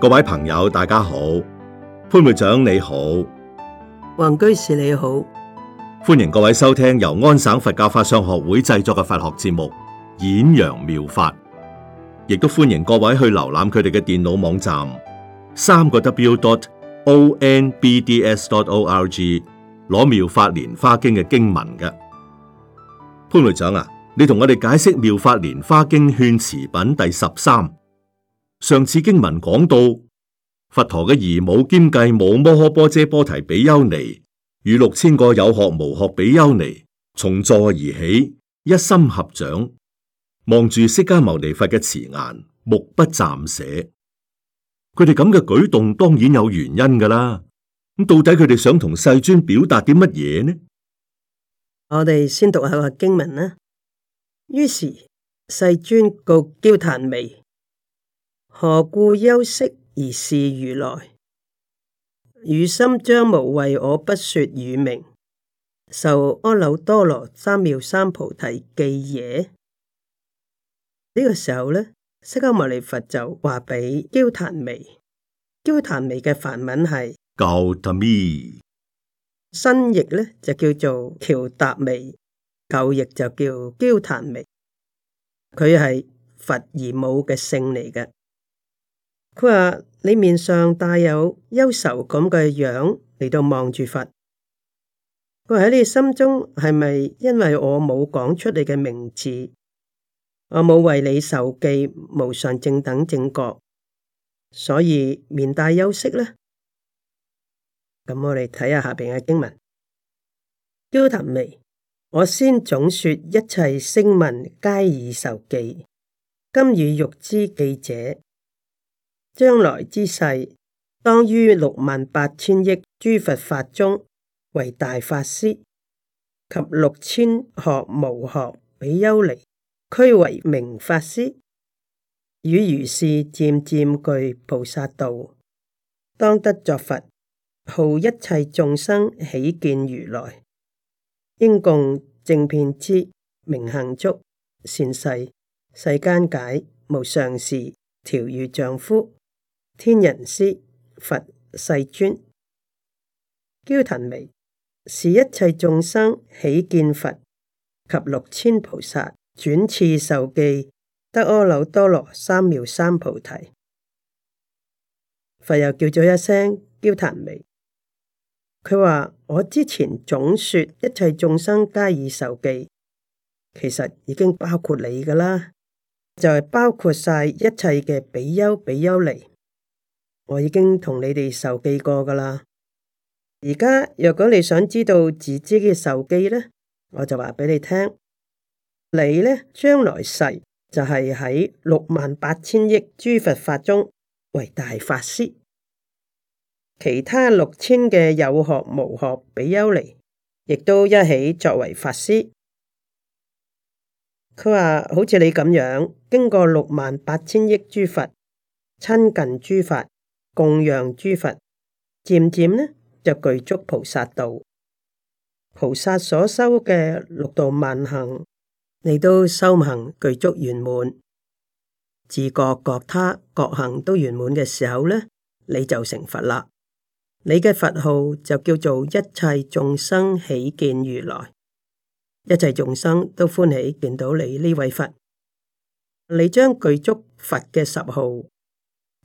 各位朋友，大家好，潘會長你好，黃居士你好，歡迎各位收聽由安省佛教法相學會製作嘅佛學節目《演揚妙法》，亦都歡迎各位去瀏覽佢哋嘅電腦網站三個 W dot O N B D S dot O R G，攞妙法蓮花經嘅經文嘅潘會長啊，你同我哋解釋妙法蓮花經勸持品第十三。上次經文講到，佛陀嘅姨母兼繼母摩訶波遮波提比丘尼與六千個有學無學比丘尼從座而起，一心合掌，望住釋迦牟尼佛嘅慈顏，目不暫捨。佢哋咁嘅舉動當然有原因噶啦。咁到底佢哋想同世尊表達啲乜嘢呢？我哋先讀下個經文啦。於是世尊告憍曇彌，何故休息而事如來？汝心將無為，我不說汝名。受阿耨多羅三藐三菩提記也。呢個時候呢，釋迦牟尼佛就話俾憍曇彌，憍曇彌嘅梵文係憍曇彌，新譯呢就叫做喬答彌，舊譯就叫憍曇彌。佢係佛而母嘅姓嚟嘅。佢話你面上帶有憂愁咁嘅樣嚟到望住佛。佢喺你心中係咪因為我冇講出你嘅名字，我冇為你受記無上正等正覺，所以面帶憂色咧。咁我哋睇下下邊嘅經文。憍曇彌，我先總說一切聲聞皆已受記，今與欲知記者。將來之世，當於六萬八千億諸佛法中為大法師，及六千學無學比丘尼，居為明法師，與如是漸漸具菩薩道，當得作佛，號一切眾生喜見如來，應共正遍知明行足善世世間解無上士調御丈夫。天人師佛世尊，尊，憍曇彌，是一切眾生喜見佛及六千菩薩轉次受記，得阿耨多羅三藐三菩提。佛又叫咗一聲憍曇彌，佢話：我之前總說一切眾生皆已受記，其實已經包括你噶啦，就係、是、包括晒一切嘅比丘比丘尼。我已經同你哋受記過噶啦，而家若果你想知道自己嘅受記呢，我就話俾你聽，你呢將來世就係喺六萬八千億諸佛法中為大法師，其他六千嘅有學無學比丘尼亦都一起作為法師。佢話好似你咁樣，經過六萬八千億諸佛，親近諸佛。供養諸佛，漸漸呢就具足菩薩道。菩薩所修嘅六度萬行，你都修行具足圓滿，自覺覺他覺行都圓滿嘅時候呢，你就成佛啦。你嘅佛號就叫做一切眾生喜見如來，一切眾生都歡喜見到你呢位佛。你將具足佛嘅十號。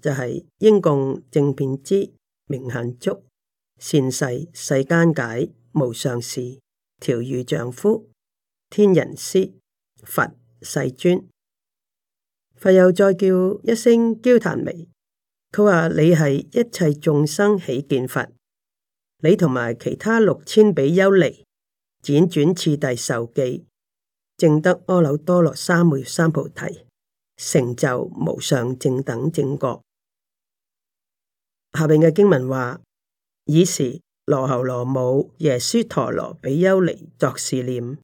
就係應供、正遍知、明行足、善逝、世間解、無上士、調御丈夫、天人師、佛、世尊，佛又再叫一聲憍曇彌，佢話你係一切眾生喜見佛，你同埋其他六千比丘尼輾轉次第受記，證得阿耨多羅三藐三菩提，成就無上正等正覺。下邊嘅經文話：爾時羅睺羅母耶輸陀羅比丘尼作是念，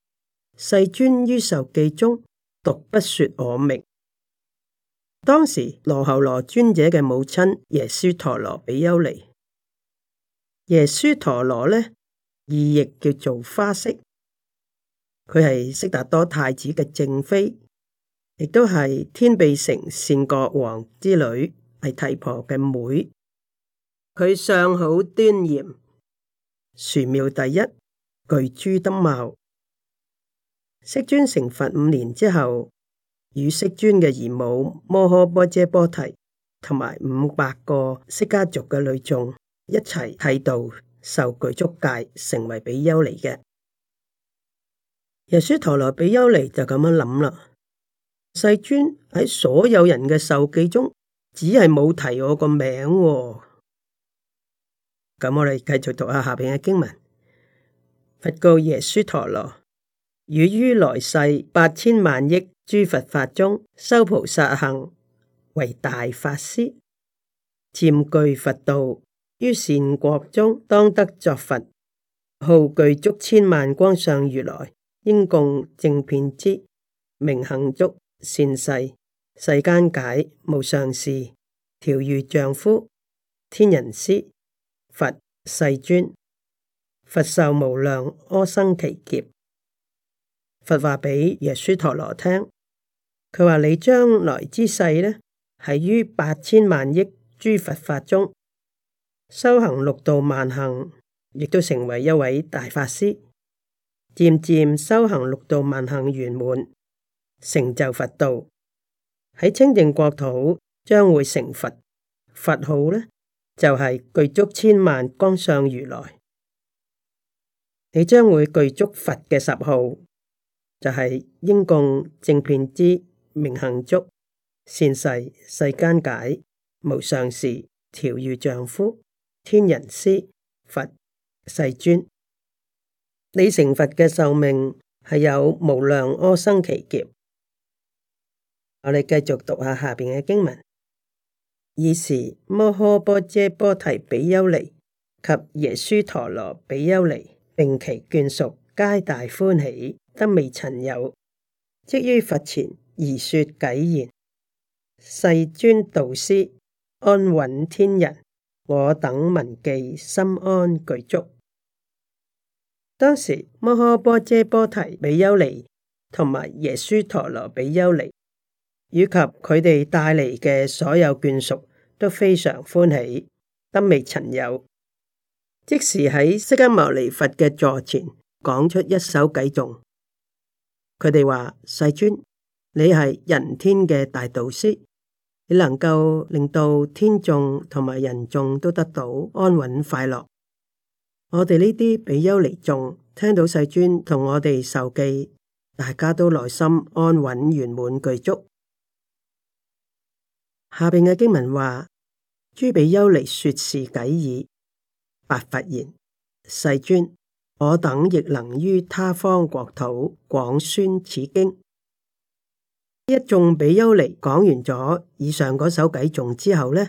世尊於授記中，獨不說我名。當時羅睺羅尊者嘅母親耶輸陀羅比丘尼，耶輸陀羅呢，意譯叫做花色，佢係悉達多太子嘅正妃，亦都係天臂城善國王之女，係提婆嘅妹。佢相好端嚴，殊妙第一，具諸德貌。世尊成佛五年之後，與世尊嘅姨母摩訶波遮波提同埋五百個釋迦族嘅女眾一齊剃度受具足戒，成為比丘尼嘅。耶輸陀羅比丘尼就咁樣諗啦：，世尊喺所有人嘅受記中，只係冇提我個名，哦。咁我哋繼續讀下下邊嘅經文。佛告耶輸陀羅：汝於來世八千萬億諸佛法中修菩薩行，為大法師，佔據佛道於善國中當得作佛，號具足千萬光上如來，應共正遍之名行足，善世，世間解，無上事，調御丈夫，天人師。佛世尊，佛受無量阿僧祇劫，佛話俾耶輸陀羅聽，佢話你將來之世呢，係於八千萬億諸佛法中修行六度萬行，亦都成為一位大法師。漸漸修行六度萬行圓滿，成就佛道，喺清淨國土將會成佛。佛號呢，就係具足千萬光相如來，你將會具足佛嘅十號，就係、是、應供正遍知明行足善逝、世間解無上士調御丈夫天人師佛世尊。你成佛嘅壽命係有無量阿僧祇劫。我哋繼續讀下下面嘅經文。爾時，摩訶波遮波提比丘尼及耶輸陀羅比丘尼，並其眷屬，皆大歡喜，得未曾有。即於佛前而說偈言：世尊導師，安穩天人，我等聞記，心安具足。當時，摩訶波遮波提比丘尼同埋耶輸陀羅比丘尼。以及佢哋帶嚟嘅所有眷屬都非常歡喜。得未曾有。即時喺釋迦牟尼佛嘅座前講出一首偈頌。佢哋話：世尊，你係人天嘅大導師，你能夠令到天眾同埋人眾都得到安穩快樂。我哋呢啲比丘尼眾聽到世尊同我哋受記，大家都內心安穩圓滿具足。下邊嘅經文話：諸比丘尼說是偈已。白佛言，世尊，我等亦能於他方國土廣宣此經。一眾比丘尼講完咗以上嗰首偈頌之後呢，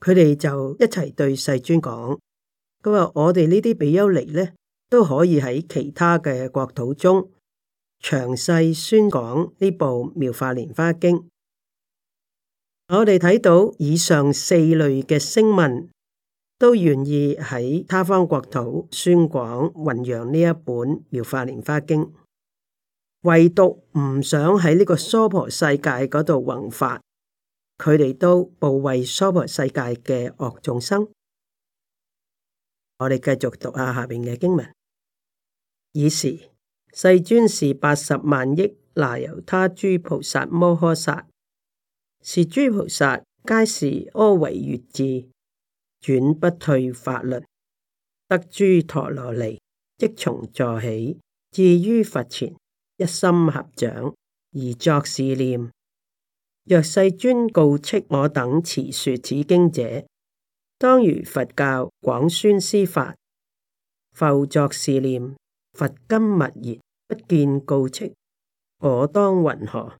佢哋就一齊對世尊講：佢話我哋呢啲比丘尼呢，都可以喺其他嘅國土中詳細宣講呢部妙法蓮花經。我哋睇到以上四類嘅聲聞都願意喺他方國土宣廣弘揚呢一本妙法蓮華經，唯獨唔想喺呢個娑婆世界嗰度弘法，佢哋都不爲娑婆世界嘅惡眾生。我哋繼續讀下下面嘅經文。爾時世尊是八十萬億那由他諸菩薩摩訶薩，是諸菩薩皆是阿惟越致，轉不退法輪，得諸陀羅尼，即從座起，至於佛前，一心合掌而作是念：若世尊告敕我等持說此經者，當如佛教廣宣斯法，復作是念：佛今勿言，不見告敕，我當云何？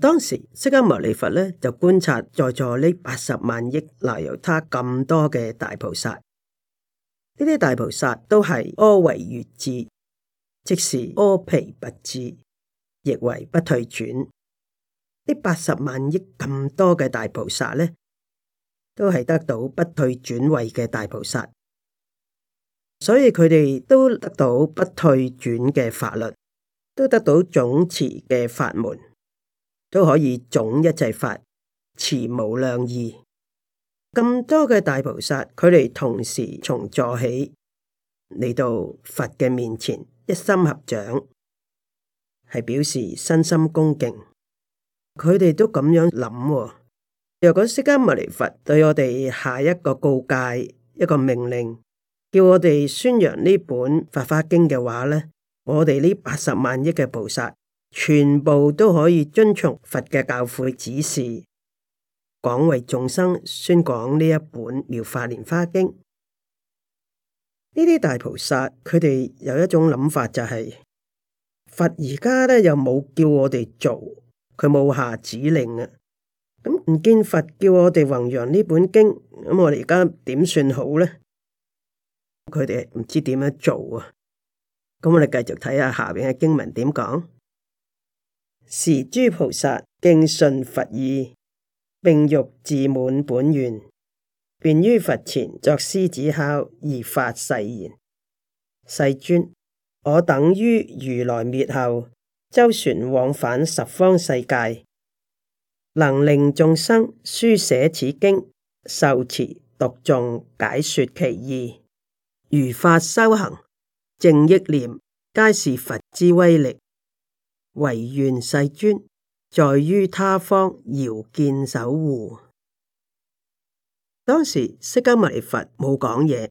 當時釋迦牟尼佛咧就觀察在座呢八十萬億那由他咁多嘅大菩薩，呢啲大菩薩都係阿惟越致，即是阿鞞跋致，亦為不退轉。呢八十萬億咁多嘅大菩薩咧，都係得到不退轉位嘅大菩薩，所以佢哋都得到不退轉嘅法輪，都得到總持嘅法門。都可以總一切法，持無量義，咁多嘅大菩薩，佢哋同時從座起嚟，到佛嘅面前，一心合掌，係表示身心恭敬。佢哋都咁樣諗、哦。若果釋迦牟尼佛對我哋下一個告誡、一個命令，叫我哋宣揚呢本法花經嘅話呢，我哋呢八十萬億嘅菩薩。全部都可以遵從佛嘅教誨指示，廣為眾生宣講呢一本妙法蓮花經。呢啲大菩薩佢哋有一種諗法、就是，就係佛而家咧又冇叫我哋做，佢冇下指令啊。咁唔見佛叫我哋弘揚呢本經，咁我哋而家點算好咧？佢哋唔知點樣做啊！咁我哋繼續睇下下邊嘅經文點講。是諸菩薩敬信佛意，並欲自滿本願，便於佛前作獅子吼而發誓言：世尊，我等於如來滅後，周旋往返十方世界，能令眾生書寫此經、受持、讀誦、解說其義、如法修行、正憶念，皆是佛之威力。唯願世尊在於他方遙見守護。當時釋迦牟尼佛冇講嘢，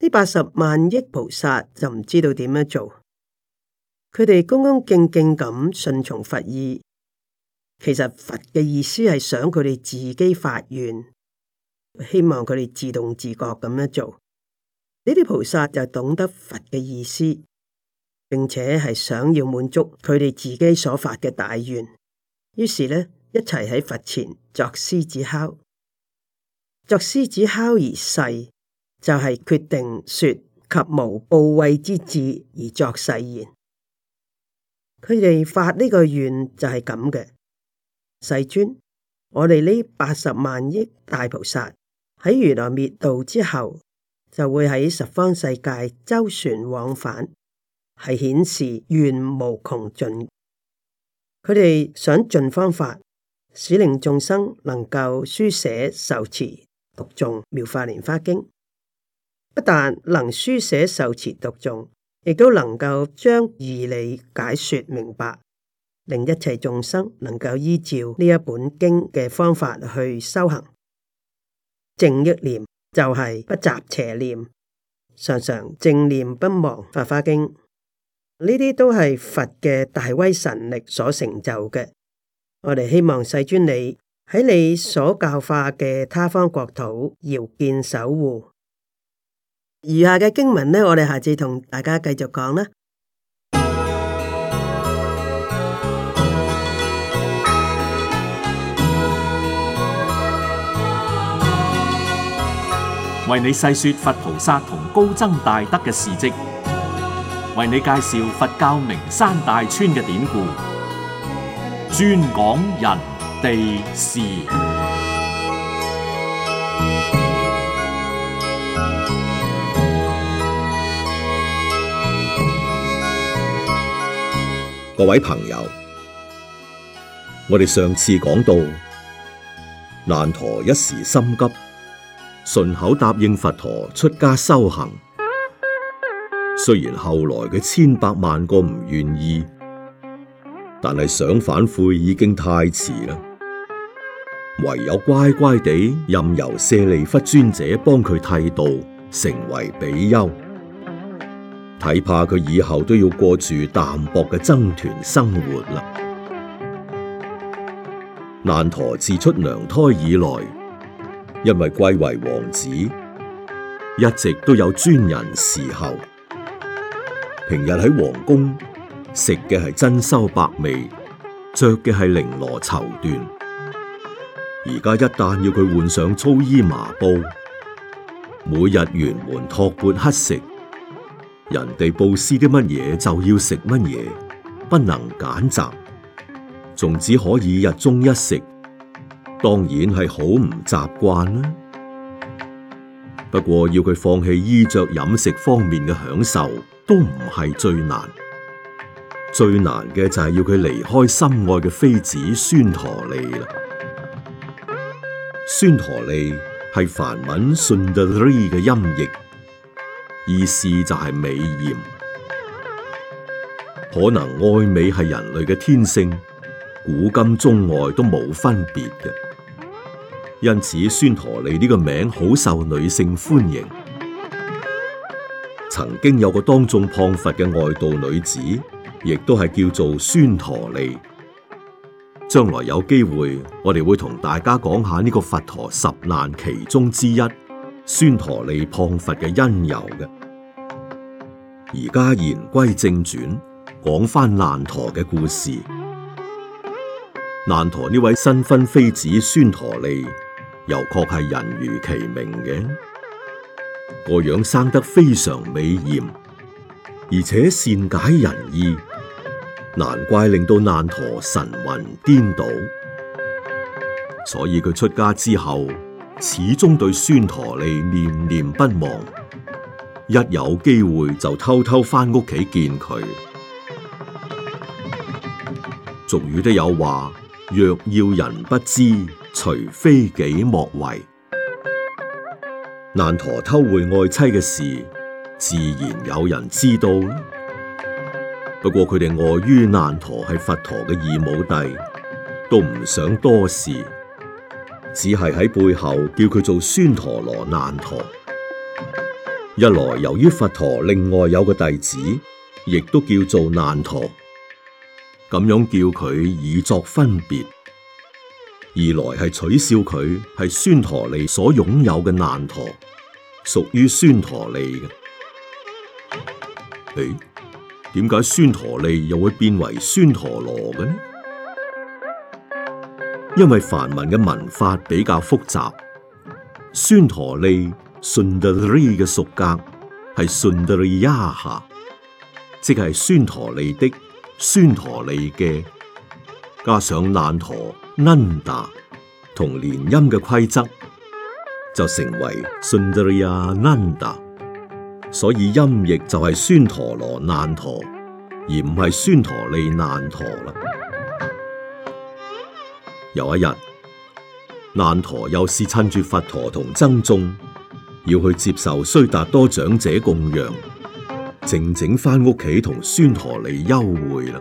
呢八十萬億菩薩就唔知道點樣做。佢哋恭恭敬敬咁順從佛意。其實佛嘅意思係想佢哋自己發願，希望佢哋自動自覺咁樣做。呢啲菩薩就懂得佛嘅意思。並且係想要滿足佢哋自己所發嘅大願，於是呢，一齊喺佛前作獅子敲，作獅子敲而誓，就係、是、決定說及無報畏之志而作誓言。佢哋發呢個願就係咁嘅：世尊，我哋呢八十萬億大菩薩喺如來滅度之後，就會喺十方世界周旋往返。係顯示願無窮盡，佢哋想盡方法，使令眾生能夠書寫受持讀誦妙法蓮花經。不但能書寫受持讀誦，亦都能夠將義理解說明白，令一切眾生能夠依照呢一本經嘅方法去修行。正憶念就係不雜邪念，常常正念不忘《法花經》。呢啲都係佛嘅大威神力所成就嘅。我哋希望世尊你喺你所教化嘅他方國土遙見守護。餘下嘅經文呢，我哋下次同大家繼續講啦。為你細說佛菩薩同高僧大德嘅事跡。為你介紹佛教名山大川嘅典故，專講人地事。各位朋友，我哋上次講到，難陀一時心急，順口答應佛陀出家修行。雖然後來佢千百萬個唔願意，但係想反悔已經太遲啦，唯有乖乖地任由舍利弗尊者幫佢剃度，成為比丘。睇怕佢以後都要過住淡薄嘅僧團生活啦。難陀自出娘胎以來，因為貴為王子，一直都有專人侍候。平日喺皇宮食嘅係珍饈百味，着嘅係綾羅綢緞。而家一旦要佢換上粗衣麻布，每日沿門托缽乞食，人哋布施啲乜嘢就要食乜嘢，不能揀擇，仲只可以日中一食，當然係好唔習慣啦。不過要佢放棄衣着飲食方面嘅享受，都唔係最難，最難嘅就係要佢離開心愛嘅妃子孫陀利啦。孫陀利係梵文順德利嘅音譯，意思就係美艷。可能愛美係人類嘅天性，古今中外都冇分別嘅。因此，孫陀利呢個名好受女性歡迎。曾經有個當眾謗佛嘅外道女子，亦都係叫做孫陀利。將來有機會，我哋會同大家講下呢個佛陀十難其中之一，孫陀利謗佛嘅因由嘅。而家言歸正傳，講翻難陀嘅故事。難陀呢位新婚妃子孫陀利，又確係人如其名嘅。個樣生得非常美豔，而且善解人意，難怪令到難陀神魂顛倒。所以佢出家之後，始終對孫陀利念念不忘，一有機會就偷偷返屋企見佢。俗語都有話：若要人不知，除非己莫為。難陀偷回愛妻嘅事，自然有人知道。不過佢哋礙於難陀係佛陀嘅姨母弟，都唔想多事，只係喺背後叫佢做孫陀羅難陀。一來由於佛陀另外有個弟子，亦都叫做難陀，咁樣叫佢以作分別。二來係取笑佢係孫陀利所擁有嘅難陀，屬於孫陀利嘅。誒，點解孫陀利又會變為孫陀羅嘅呢？因為梵文嘅文法比較複雜，孫陀利 Sundari 嘅屬格係 Sundaryah，即係孫陀利的孫陀利嘅，加上難陀。nanda 同連音嘅規則就成為 sundarya nanda，所以音譯就係孫陀羅難陀，而唔係孫陀利難陀啦。 有一日，難陀又是趁住佛陀同僧眾要去接受須達多長者供養，靜靜翻屋企同孫陀利幽會啦。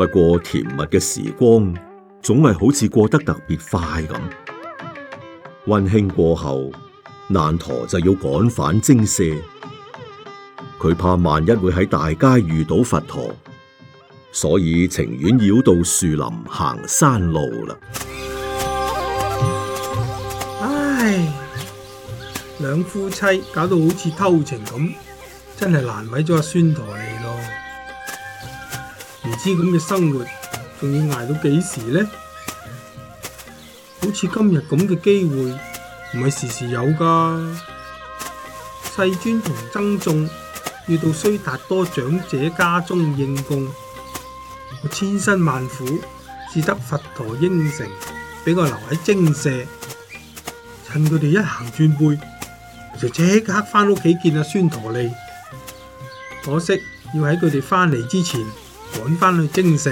不過甜蜜嘅時光總係好似過得特別快咁，溫馨過後難陀就要趕返精舍，佢怕萬一會喺大街遇到佛陀，所以情願繞到樹林行山路啦。唉，兩夫妻搞到好似偷情咁，真係難為咗阿孫陀知咁嘅生活，仲要挨到幾時呢？好似今日咁嘅機會，唔係時時有噶。世尊同僧眾要到須達多長者家中應供，我千辛萬苦，只得佛陀應承，俾我留喺精舍。趁佢哋一行轉背，我就即刻翻屋企見阿孫陀利。可惜要喺佢哋翻嚟之前。趕翻去精舍，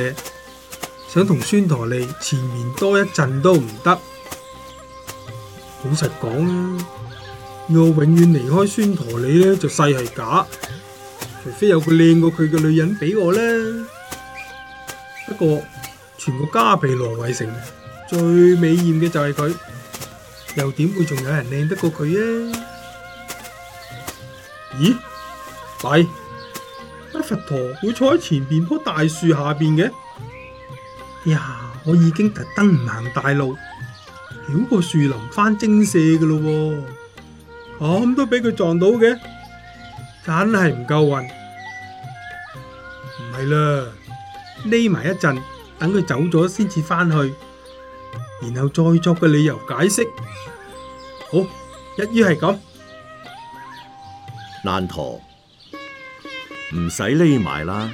想同孫陀利纏綿多一陣都唔得。老實講，要我永遠離開孫陀利咧，就世係假。除非有個靚過佢嘅女人俾我咧。不過，全部迦毘羅衛城，最美艷嘅就係佢，又點會仲有人靚得過佢啊？咦？喂？佛陀會坐喺前邊棵大樹下邊嘅，哎呀！我已經特登唔行大路，繞過樹林翻精舍嘅咯，咁都俾佢撞到嘅，真係唔夠運。唔係啦，匿埋一陣，等佢走咗先至翻去，然後再作個理由解釋。好，一於係咁，難陀。唔使匿埋啦，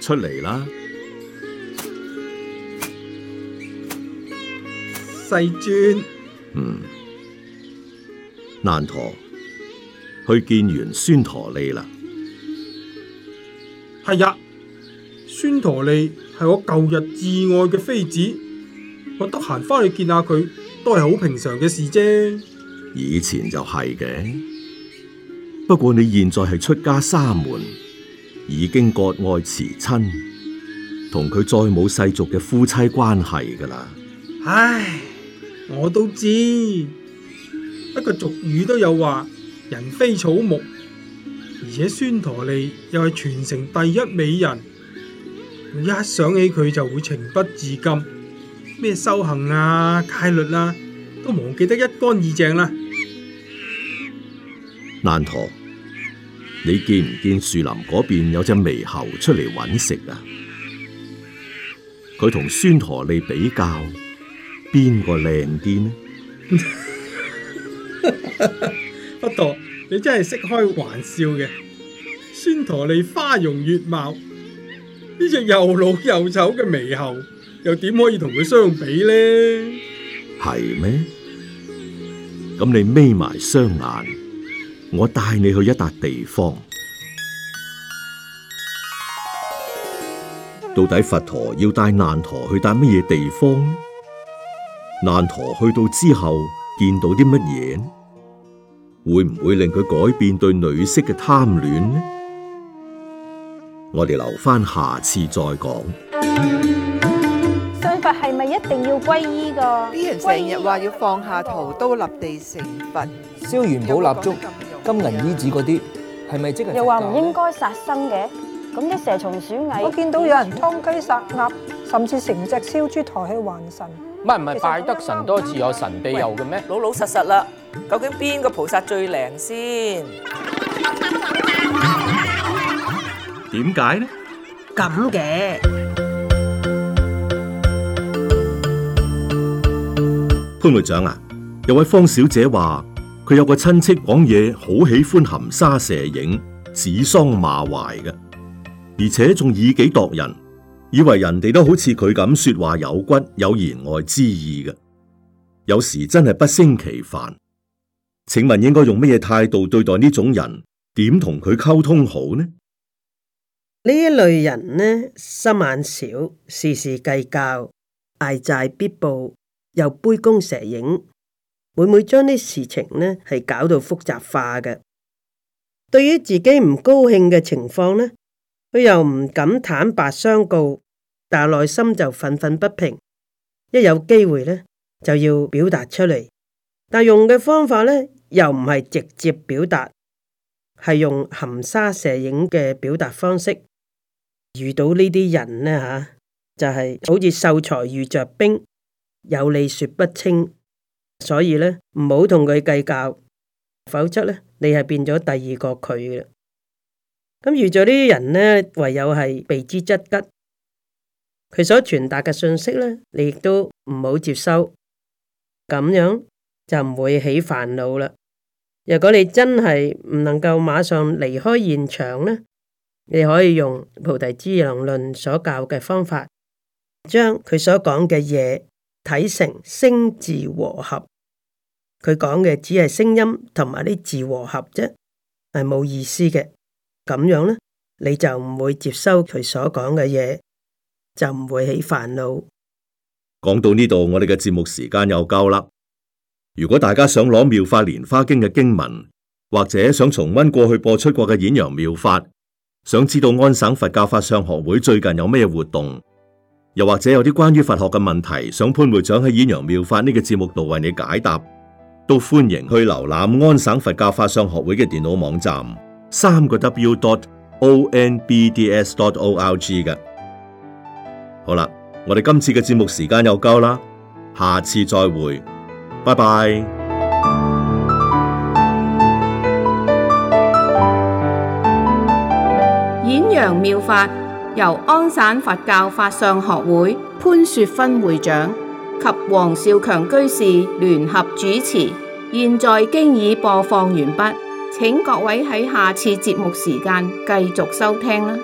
出嚟啦，世尊。嗯，難陀，去見完孫陀利啦？係呀，孫陀利係我舊日至愛嘅妃子，我得閒翻去見下佢，都係好平常嘅事啫。以前就係嘅，不過你現在係出家沙門。已經割愛辭親，同佢再冇世俗嘅夫妻關係噶啦。唉，我都知，不過俗語都有話，人非草木。而且孫陀利又係全城第一美人，一想起佢就會情不自禁。咩修行啊、戒律啦，啊，都忘記得一乾二淨啦。難陀。你見唔見樹林嗰邊有隻獼猴出嚟揾食啊？佢同孫陀利比較，邊個靚啲呢？不過， 你真係識開玩笑嘅。孫陀利花容月貌，呢隻又老又醜嘅獼猴，又點可以同佢相比呢？係咩？咁你眯埋雙眼。我帶你去一笪地方，到底佛陀要帶難陀去啲乜嘢地方呢？難陀去到之後見到啲乜嘢，會唔會令佢改變對女色嘅貪戀呢？我哋留翻下次再講。信佛係咪一定要皈依噶？啲人成日話要放下屠刀立地成佛，燒元寶蠟燭。金銀衣紙嗰啲係咪即係？又話唔應該殺生嘅，咁啲蛇蟲鼠蟻，我見到有人劏雞殺鴨，甚至成隻燒豬抬去還神。唔係唔係，拜得神多自有神庇佑嘅咩？老老實實啦，究竟邊個菩薩最靈先？點解呢？咁嘅潘隊長啊，有位方小姐話。佢有個親戚講嘢好喜歡含沙射影，指桑罵槐嘅，而且仲以己度人，以為人哋都好似佢咁說話有骨有言外之意嘅，有時真係不勝其煩。請問應該用咩嘢態度對待呢種人？點同佢溝通好呢？呢一類人呢，心眼小，事事計較，睚眥必報，又杯弓蛇影。會唔會將啲事情呢係搞到複雜化嘅？對於自己唔高興嘅情況呢，佢又唔敢坦白相告，但內心就憤憤不平。一有機會呢，就要表達出嚟，但用嘅方法呢，又唔係直接表達，係用含沙射影嘅表達方式。遇到呢啲人呢，吓就係好似秀才遇着兵，有理說不清。所以咧，唔好同佢計較，否則咧，你係變咗第二個佢嘅。咁遇咗呢啲人咧，唯有係避之則吉。佢所傳達嘅信息咧，你亦都唔好接收，咁樣就唔會起煩惱啦。如果你真係唔能夠馬上離開現場咧，你可以用菩提之陽論所教嘅方法，將佢所講嘅嘢睇成星字和合。佢講嘅只係聲音同埋啲字和合啫，係冇意思嘅。咁樣咧，你就唔會接收佢所講嘅嘢，就唔會起煩惱。講到呢度，我哋嘅節目時間又夠啦。如果大家想攞《妙法蓮華經》嘅經文，或者想重溫過去播出過嘅《演揚妙法》，想知道安省佛教法相學會最近有咩活動，又或者有啲關於佛學嘅問題，想潘會長喺《演揚妙法》呢個節目度為你解答。都歡迎去瀏覽安省佛教法相學會嘅電腦網站，三個 w.dot.o.n.b.d.s.dot.o.l.g 嘅。好啦，我哋今次嘅節目時間又夠啦，下次再會，拜拜。演揚妙法由安省佛教法相學會潘雪芬會長。及黃少強居士聯合主持，現在經已播放完畢，請各位喺下次節目時間繼續收聽啦。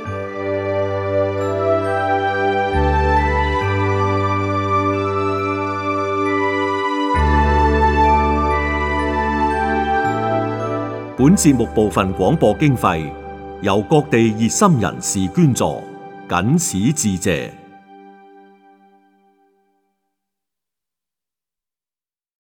本節目部分廣播經費由各地熱心人士捐助，謹此致謝。